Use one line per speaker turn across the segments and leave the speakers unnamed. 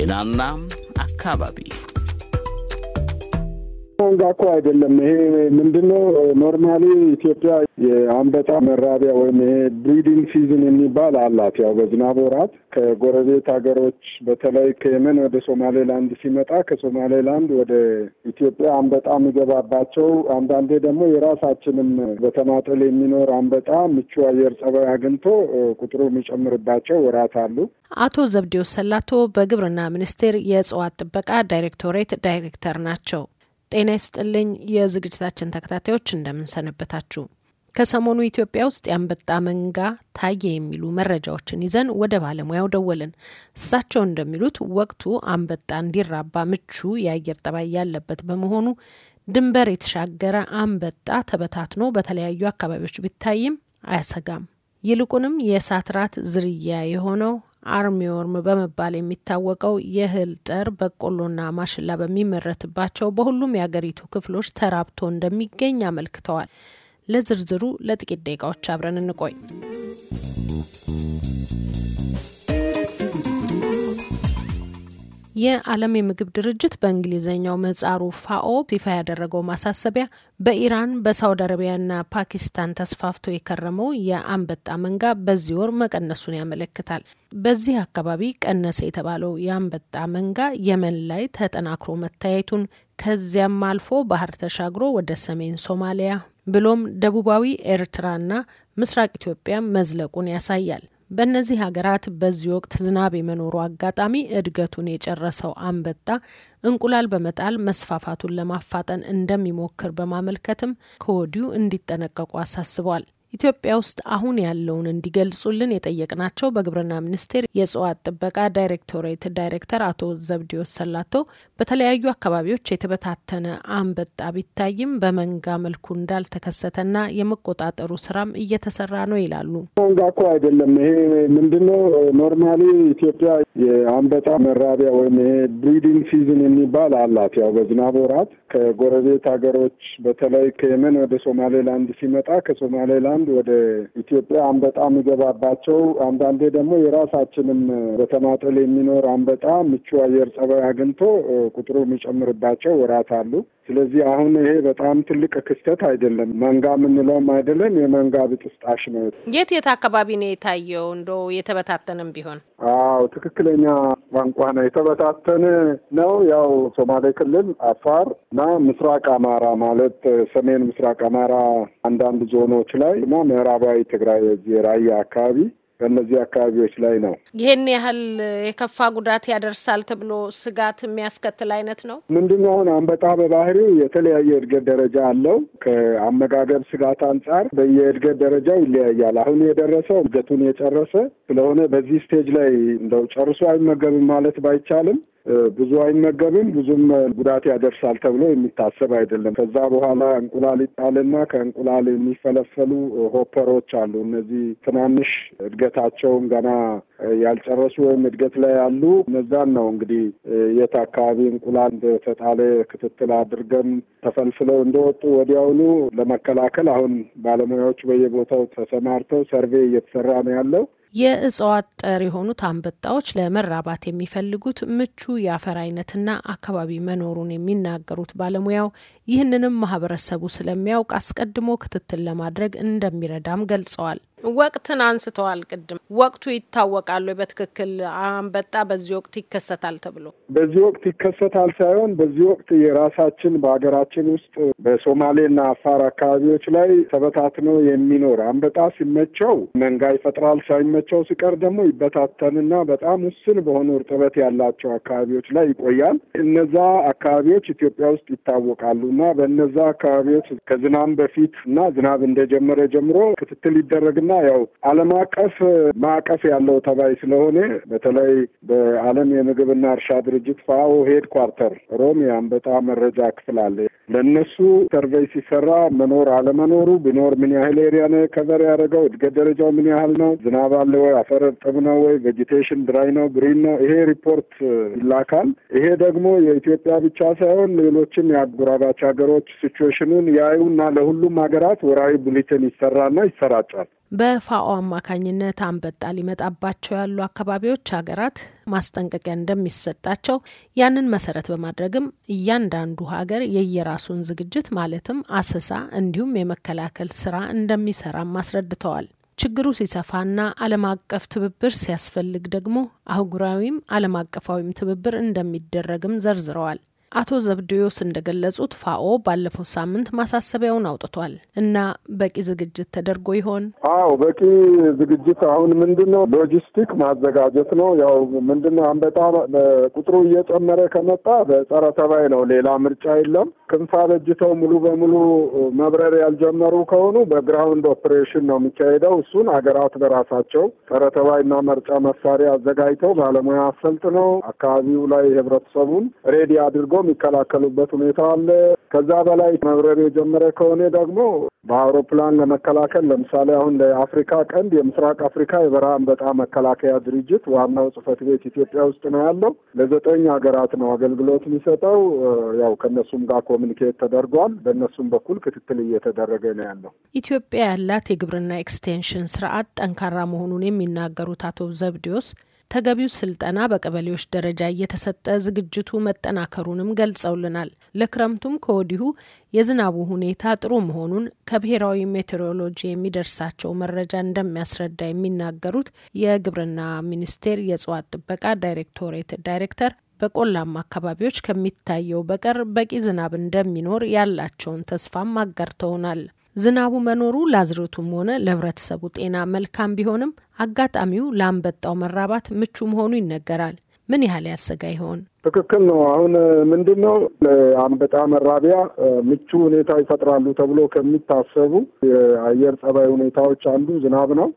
ጤናና አካባቢ ወንጋ እኮ አይደለም ይሄ ምንድነው? ኖርማሊ ኢትዮጵያ የአንበጣ መራቢያ ወይም ይሄ ብሪዲንግ ሲዝን የሚባል አላት። ያው በዝናብ ወራት ከጎረቤት ሀገሮች በተለይ ከየመን ወደ ሶማሌላንድ ሲመጣ ከሶማሌላንድ ወደ ኢትዮጵያ አንበጣ የሚገባባቸው አንዳንዴ ደግሞ የራሳችንም በተናጠል የሚኖር አንበጣ ምቹ አየር ጸባይ አግኝቶ ቁጥሩ የሚጨምርባቸው ወራት አሉ።
አቶ ዘብዴዎስ ሰላቶ በግብርና ሚኒስቴር የእጽዋት ጥበቃ ዳይሬክቶሬት ዳይሬክተር ናቸው። ጤና ይስጥልኝ የዝግጅታችን ተከታታዮች እንደምንሰነበታችሁ። ከሰሞኑ ኢትዮጵያ ውስጥ የአንበጣ መንጋ ታየ የሚሉ መረጃዎችን ይዘን ወደ ባለሙያው ደወልን። እሳቸው እንደሚሉት ወቅቱ አንበጣ እንዲራባ ምቹ የአየር ጠባይ ያለበት በመሆኑ ድንበር የተሻገረ አንበጣ ተበታትኖ በተለያዩ አካባቢዎች ቢታይም አያሰጋም። ይልቁንም የሳትራት ዝርያ የሆነው አርሚዎርም በመባል የሚታወቀው የእህል ጠር በቆሎና ማሽላ በሚመረትባቸው በሁሉም የአገሪቱ ክፍሎች ተራብቶ እንደሚገኝ አመልክተዋል። ለዝርዝሩ ለጥቂት ደቂቃዎች አብረን እንቆይ። የዓለም የምግብ ድርጅት በእንግሊዝኛው ምህጻሩ ፋኦ ይፋ ያደረገው ማሳሰቢያ በኢራን በሳውዲ አረቢያና ፓኪስታን ተስፋፍቶ የከረመው የአንበጣ መንጋ በዚህ ወር መቀነሱን ያመለክታል። በዚህ አካባቢ ቀነሰ የተባለው የአንበጣ መንጋ የመን ላይ ተጠናክሮ መታየቱን ከዚያም አልፎ ባህር ተሻግሮ ወደ ሰሜን ሶማሊያ ብሎም ደቡባዊ ኤርትራና ምስራቅ ኢትዮጵያ መዝለቁን ያሳያል። በእነዚህ ሀገራት በዚህ ወቅት ዝናብ የመኖሩ አጋጣሚ እድገቱን የጨረሰው አንበጣ እንቁላል በመጣል መስፋፋቱን ለማፋጠን እንደሚሞክር በማመልከትም ከወዲሁ እንዲጠነቀቁ አሳስቧል። ኢትዮጵያ ውስጥ አሁን ያለውን እንዲገልጹልን የጠየቅናቸው በግብርና ሚኒስቴር የእጽዋት ጥበቃ ዳይሬክቶሬት ዳይሬክተር አቶ ዘብዲዮስ ሰላቶ በተለያዩ አካባቢዎች የተበታተነ አንበጣ ቢታይም በመንጋ መልኩ እንዳልተከሰተና የመቆጣጠሩ ስራም እየተሰራ ነው ይላሉ።
መንጋ እኮ አይደለም ይሄ ምንድነው? ኖርማሊ ኢትዮጵያ የአንበጣ መራቢያ ወይም ይሄ ብሪዲንግ ሲዝን የሚባል አላት። ያው በዝናብ ወራት ከጎረቤት ሀገሮች በተለይ ከየመን ወደ ሶማሌላንድ ሲመጣ ከሶማሌላንድ አንድ ወደ ኢትዮጵያ አንበጣ የሚገባባቸው አንዳንዴ ደግሞ የራሳችንም በተናጠል የሚኖር አንበጣ ምቹ አየር ጸባይ አግኝቶ ቁጥሩ የሚጨምርባቸው ወራት አሉ። ስለዚህ አሁን ይሄ በጣም ትልቅ ክስተት አይደለም። መንጋ የምንለውም አይደለም፣ የመንጋ ብጥስጣሽ ነው።
የት የት አካባቢ ነው የታየው? እንደ የተበታተንም ቢሆን
አዎ፣ ትክክለኛ ቋንቋ ነው የተበታተነ ነው። ያው ሶማሌ ክልል፣ አፋር እና ምስራቅ አማራ ማለት ሰሜን ምስራቅ አማራ አንዳንድ ዞኖች ላይ እና ምዕራባዊ ትግራይ የራያ አካባቢ በእነዚህ አካባቢዎች ላይ ነው።
ይህን ያህል የከፋ ጉዳት ያደርሳል ተብሎ ስጋት የሚያስከትል አይነት ነው።
ምንድነው አሁን አንበጣ በባህሪው የተለያየ እድገት ደረጃ አለው። ከአመጋገብ ስጋት አንጻር በየእድገት ደረጃ ይለያያል። አሁን የደረሰው እድገቱን የጨረሰ ስለሆነ በዚህ ስቴጅ ላይ እንደው ጨርሶ አይመገብም ማለት ባይቻልም ብዙ አይመገብም፣ ብዙም ጉዳት ያደርሳል ተብሎ የሚታሰብ አይደለም። ከዛ በኋላ እንቁላል ይጣልና ከእንቁላል የሚፈለፈሉ ሆፐሮች አሉ። እነዚህ ትናንሽ እድገታቸውን ገና ያልጨረሱ ወይም እድገት ላይ ያሉ እነዛን ነው እንግዲህ የት አካባቢ እንቁላል እንደተጣለ ክትትል አድርገን ተፈልፍለው እንደወጡ ወዲያውኑ ለመከላከል አሁን ባለሙያዎች በየቦታው ተሰማርተው ሰርቬይ እየተሰራ ነው ያለው።
የእጽዋት ጠር የሆኑት አንበጣዎች ለመራባት የሚፈልጉት ምቹ የአፈር አይነትና አካባቢ መኖሩን የሚናገሩት ባለሙያው ይህንንም ማህበረሰቡ ስለሚያውቅ አስቀድሞ ክትትል ለማድረግ እንደሚረዳም ገልጸዋል። ወቅትን አንስተዋል ቅድም። ወቅቱ ይታወቃሉ በትክክል አንበጣ በዚህ ወቅት ይከሰታል ተብሎ
በዚህ ወቅት ይከሰታል ሳይሆን በዚህ ወቅት የራሳችን በሀገራችን ውስጥ በሶማሌና አፋር አካባቢዎች ላይ ተበታትኖ የሚኖር አንበጣ ሲመቸው መንጋ ይፈጥራል፣ ሳይመቸው ሲቀር ደግሞ ይበታተንና በጣም ውስን በሆኑ እርጥበት ያላቸው አካባቢዎች ላይ ይቆያል። እነዛ አካባቢዎች ኢትዮጵያ ውስጥ ይታወቃሉ እና በእነዛ አካባቢዎች ከዝናብ በፊት እና ዝናብ እንደጀመረ ጀምሮ ክትትል ይደረግ እና ያው ዓለም አቀፍ ማዕቀፍ ያለው ተባይ ስለሆነ በተለይ በዓለም የምግብና እርሻ ድርጅት ፋኦ ሄድ ኳርተር ሮም የአንበጣ መረጃ ክፍል አለ። ለእነሱ ሰርቬይ ሲሰራ መኖር አለመኖሩ ቢኖር ምን ያህል ኤሪያ ነው ከቨር ያደረገው፣ እድገት ደረጃው ምን ያህል ነው፣ ዝናብ አለ ወይ፣ አፈር እርጥብ ነው ወይ፣ ቬጂቴሽን ድራይ ነው፣ ግሪን ነው፣ ይሄ ሪፖርት ይላካል። ይሄ ደግሞ የኢትዮጵያ ብቻ ሳይሆን ሌሎችም የአጎራባች ሀገሮች ሲቹዌሽኑን ያዩና ለሁሉም ሀገራት ወራዊ ቡሊትን ይሰራና ይሰራጫል።
በፋኦ አማካኝነት አንበጣ ሊመጣባቸው ያሉ አካባቢዎች ሀገራት ማስጠንቀቂያ እንደሚሰጣቸው ያንን መሰረት በማድረግም እያንዳንዱ ሀገር የየራሱን ዝግጅት ማለትም አሰሳ እንዲሁም የመከላከል ስራ እንደሚሰራም አስረድተዋል። ችግሩ ሲሰፋና ዓለም አቀፍ ትብብር ሲያስፈልግ ደግሞ አህጉራዊም ዓለም አቀፋዊም ትብብር እንደሚደረግም ዘርዝረዋል። አቶ ዘብዴዎስ እንደገለጹት ፋኦ ባለፈው ሳምንት ማሳሰቢያውን አውጥቷል እና በቂ ዝግጅት ተደርጎ ይሆን?
አዎ በቂ ዝግጅት አሁን ምንድን ነው ሎጂስቲክ ማዘጋጀት ነው። ያው ምንድን ነው አንበጣ ቁጥሩ እየጨመረ ከመጣ በጸረ ተባይ ነው፣ ሌላ ምርጫ የለም። ክንፍ አበጅተው ሙሉ በሙሉ መብረር ያልጀመሩ ከሆኑ በግራውንድ ኦፕሬሽን ነው የሚካሄደው። እሱን አገራት በራሳቸው ጸረ ተባይና መርጫ መሳሪያ አዘጋጅተው ባለሙያ አሰልጥነው አካባቢው ላይ ህብረተሰቡን ሬዲ አድርጎ የሚከላከሉበት ሁኔታ አለ። ከዛ በላይ መብረር የጀመረ ከሆነ ደግሞ በአውሮፕላን ለመከላከል ለምሳሌ አሁን ለአፍሪካ ቀንድ የምስራቅ አፍሪካ የበረሃ አንበጣ መከላከያ ድርጅት ዋናው ጽፈት ቤት ኢትዮጵያ ውስጥ ነው ያለው። ለዘጠኝ ሀገራት ነው አገልግሎት የሚሰጠው። ያው ከእነሱም ጋር ኮሚኒኬት ተደርጓል። በእነሱም በኩል ክትትል እየተደረገ ነው ያለው።
ኢትዮጵያ ያላት የግብርና ኤክስቴንሽን ስርዓት ጠንካራ መሆኑን የሚናገሩት አቶ ዘብዲዮስ ተገቢው ስልጠና በቀበሌዎች ደረጃ እየተሰጠ ዝግጅቱ መጠናከሩንም ገልጸውልናል። ለክረምቱም ከወዲሁ የዝናቡ ሁኔታ ጥሩ መሆኑን ከብሔራዊ ሜቴሮሎጂ የሚደርሳቸው መረጃ እንደሚያስረዳ የሚናገሩት የግብርና ሚኒስቴር የእጽዋት ጥበቃ ዳይሬክቶሬት ዳይሬክተር በቆላማ አካባቢዎች ከሚታየው በቀር በቂ ዝናብ እንደሚኖር ያላቸውን ተስፋም አጋርተውናል። ዝናቡ መኖሩ ላዝርቱም ሆነ ለህብረተሰቡ ጤና መልካም ቢሆንም አጋጣሚው ለአንበጣው መራባት ምቹ መሆኑ ይነገራል። ምን ያህል ያሰጋ ይሆን?
ትክክል ነው። አሁን ምንድን ነው ለአንበጣ መራቢያ ምቹ ሁኔታ ይፈጥራሉ ተብሎ ከሚታሰቡ የአየር ጸባይ ሁኔታዎች አንዱ ዝናብ ነው።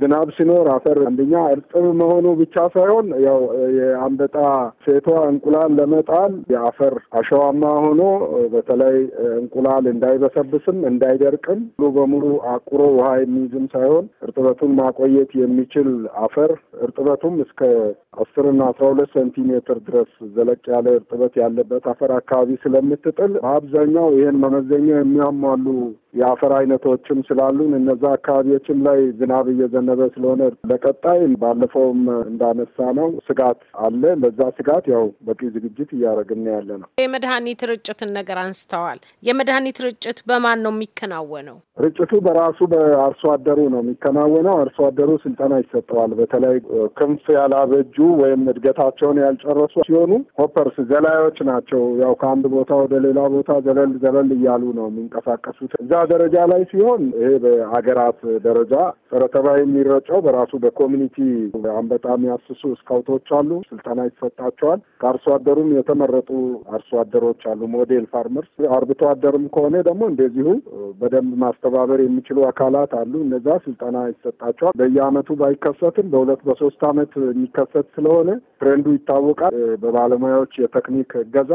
ዝናብ ሲኖር አፈር አንደኛ እርጥብ መሆኑ ብቻ ሳይሆን ያው የአንበጣ ሴቷ እንቁላል ለመጣል የአፈር አሸዋማ ሆኖ በተለይ እንቁላል እንዳይበሰብስም እንዳይደርቅም ሙሉ በሙሉ አቁሮ ውሃ የሚይዝም ሳይሆን እርጥበቱን ማቆየት የሚችል አፈር እርጥበቱም እስከ አስርና አስራ ሁለት ሴንቲሜትር ድረስ ዘለቅ ያለ እርጥበት ያለበት አፈር አካባቢ ስለምትጥል በአብዛኛው ይህን መመዘኛ የሚያሟሉ የአፈር አይነቶችም ስላሉን እነዛ አካባቢዎችም ላይ ዝናብ እየዘነበ ስለሆነ ለቀጣይ ባለፈውም እንዳነሳ ነው ስጋት አለ። ለዛ ስጋት ያው በቂ ዝግጅት እያደረግን ያለ ነው።
የመድኃኒት ርጭትን ነገር አንስተዋል። የመድኃኒት ርጭት በማን ነው የሚከናወነው?
ርጭቱ በራሱ በአርሶ አደሩ ነው የሚከናወነው። አርሶ አደሩ ስልጠና ይሰጠዋል። በተለይ ክንፍ ያላበጁ ወይም እድገታቸውን ያልጨረሱ ሲሆኑ ሆፐርስ ዘላዮች ናቸው። ያው ከአንድ ቦታ ወደ ሌላ ቦታ ዘለል ዘለል እያሉ ነው የሚንቀሳቀሱት እዛ ደረጃ ላይ ሲሆን ይሄ በሀገራት ደረጃ ጸረ ተባይ የሚረጨው በራሱ በኮሚኒቲ አንበጣ የሚያስሱ ስካውቶች አሉ። ስልጠና ይሰጣቸዋል። ከአርሶ አደሩም የተመረጡ አርሶ አደሮች አሉ፣ ሞዴል ፋርመርስ። አርብቶ አደርም ከሆነ ደግሞ እንደዚሁ በደንብ ማስተባበር የሚችሉ አካላት አሉ። እነዛ ስልጠና ይሰጣቸዋል። በየአመቱ ባይከሰትም በሁለት በሶስት አመት የሚከሰት ስለሆነ ትሬንዱ ይታወቃል። በባለሙያዎች የቴክኒክ እገዛ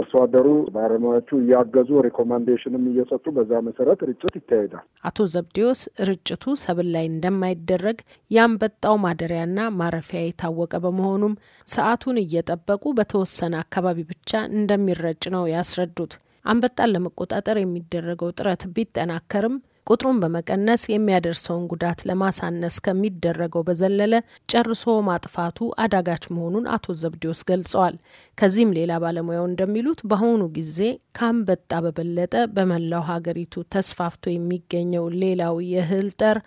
አርሶ አደሩ ባለሙያዎቹ እያገዙ ሪኮማንዴሽንም እየሰጡ በዛ መሰረት መሰረት ርጭት ይካሄዳል።
አቶ ዘብዲዮስ ርጭቱ ሰብል ላይ እንደማይደረግ የአንበጣው ማደሪያና ማረፊያ የታወቀ በመሆኑም ሰዓቱን እየጠበቁ በተወሰነ አካባቢ ብቻ እንደሚረጭ ነው ያስረዱት። አንበጣን ለመቆጣጠር የሚደረገው ጥረት ቢጠናከርም ቁጥሩን በመቀነስ የሚያደርሰውን ጉዳት ለማሳነስ ከሚደረገው በዘለለ ጨርሶ ማጥፋቱ አዳጋች መሆኑን አቶ ዘብዴዎስ ገልጸዋል። ከዚህም ሌላ ባለሙያው እንደሚሉት በአሁኑ ጊዜ ከአንበጣ በበለጠ በመላው ሀገሪቱ ተስፋፍቶ የሚገኘው ሌላው የእህል ጠር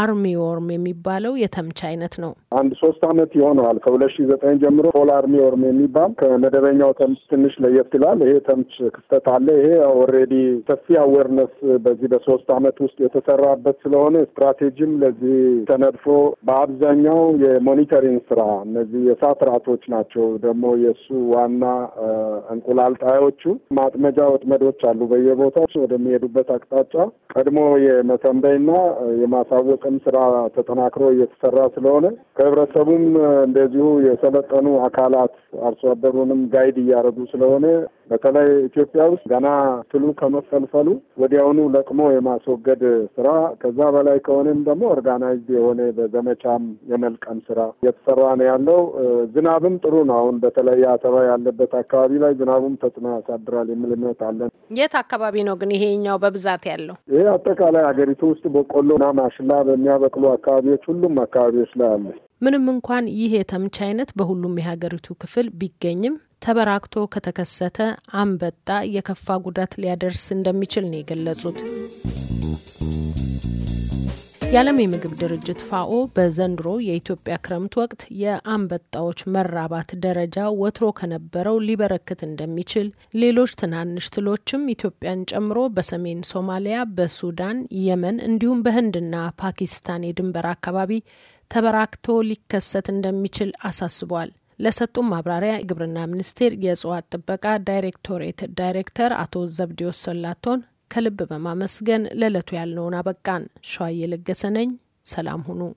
አርሚ ወርም የሚባለው የተምች አይነት ነው።
አንድ ሶስት አመት ይሆነዋል። ከሁለት ሺ ዘጠኝ ጀምሮ ፖል አርሚ ወርም የሚባል ከመደበኛው ተምች ትንሽ ለየት ይላል። ይሄ ተምች ክስተት አለ። ይሄ ኦልሬዲ ሰፊ አዌርነስ በዚህ በሶስት አመት ውስጥ የተሰራበት ስለሆነ ስትራቴጂም ለዚህ ተነድፎ በአብዛኛው የሞኒተሪንግ ስራ እነዚህ የሳት ራቶች ናቸው ደግሞ የእሱ ዋና እንቁላል ጣዮቹ ማጥመጃ ወጥመዶች አሉ። በየቦታው ወደሚሄዱበት አቅጣጫ ቀድሞ የመተንበይና የማሳወ በቀን ስራ ተጠናክሮ እየተሰራ ስለሆነ ከህብረተሰቡም እንደዚሁ የሰለጠኑ አካላት አርሶ አደሩንም ጋይድ እያደረጉ ስለሆነ በተለይ ኢትዮጵያ ውስጥ ገና ትሉ ከመፈልፈሉ ወዲያውኑ ለቅሞ የማስወገድ ስራ፣ ከዛ በላይ ከሆነም ደግሞ ኦርጋናይዝድ የሆነ በዘመቻም የመልቀም ስራ እየተሰራ ነው ያለው። ዝናብም ጥሩ ነው። አሁን በተለይ የአተባ ያለበት አካባቢ ላይ ዝናቡም ተጽዕኖ ያሳድራል የሚል እምነት አለን።
የት አካባቢ ነው ግን ይሄኛው በብዛት ያለው?
ይሄ አጠቃላይ ሀገሪቱ ውስጥ በቆሎና ማሽላ በሚያበቅሉ አካባቢዎች፣ ሁሉም አካባቢዎች ላይ አለ።
ምንም እንኳን ይህ የተምች አይነት በሁሉም የሀገሪቱ ክፍል ቢገኝም ተበራክቶ ከተከሰተ አንበጣ የከፋ ጉዳት ሊያደርስ እንደሚችል ነው የገለጹት። የዓለም የምግብ ድርጅት ፋኦ በዘንድሮ የኢትዮጵያ ክረምት ወቅት የአንበጣዎች መራባት ደረጃ ወትሮ ከነበረው ሊበረክት እንደሚችል፣ ሌሎች ትናንሽ ትሎችም ኢትዮጵያን ጨምሮ በሰሜን ሶማሊያ፣ በሱዳን፣ የመን እንዲሁም በህንድና ፓኪስታን የድንበር አካባቢ ተበራክቶ ሊከሰት እንደሚችል አሳስቧል። ለሰጡም ማብራሪያ የግብርና ሚኒስቴር የእጽዋት ጥበቃ ዳይሬክቶሬት ዳይሬክተር አቶ ዘብዴዎስ ሰላቶን ከልብ በማመስገን ለዕለቱ ያልነውን አበቃን። ሸዋዬ ለገሰ ነኝ። ሰላም ሁኑ።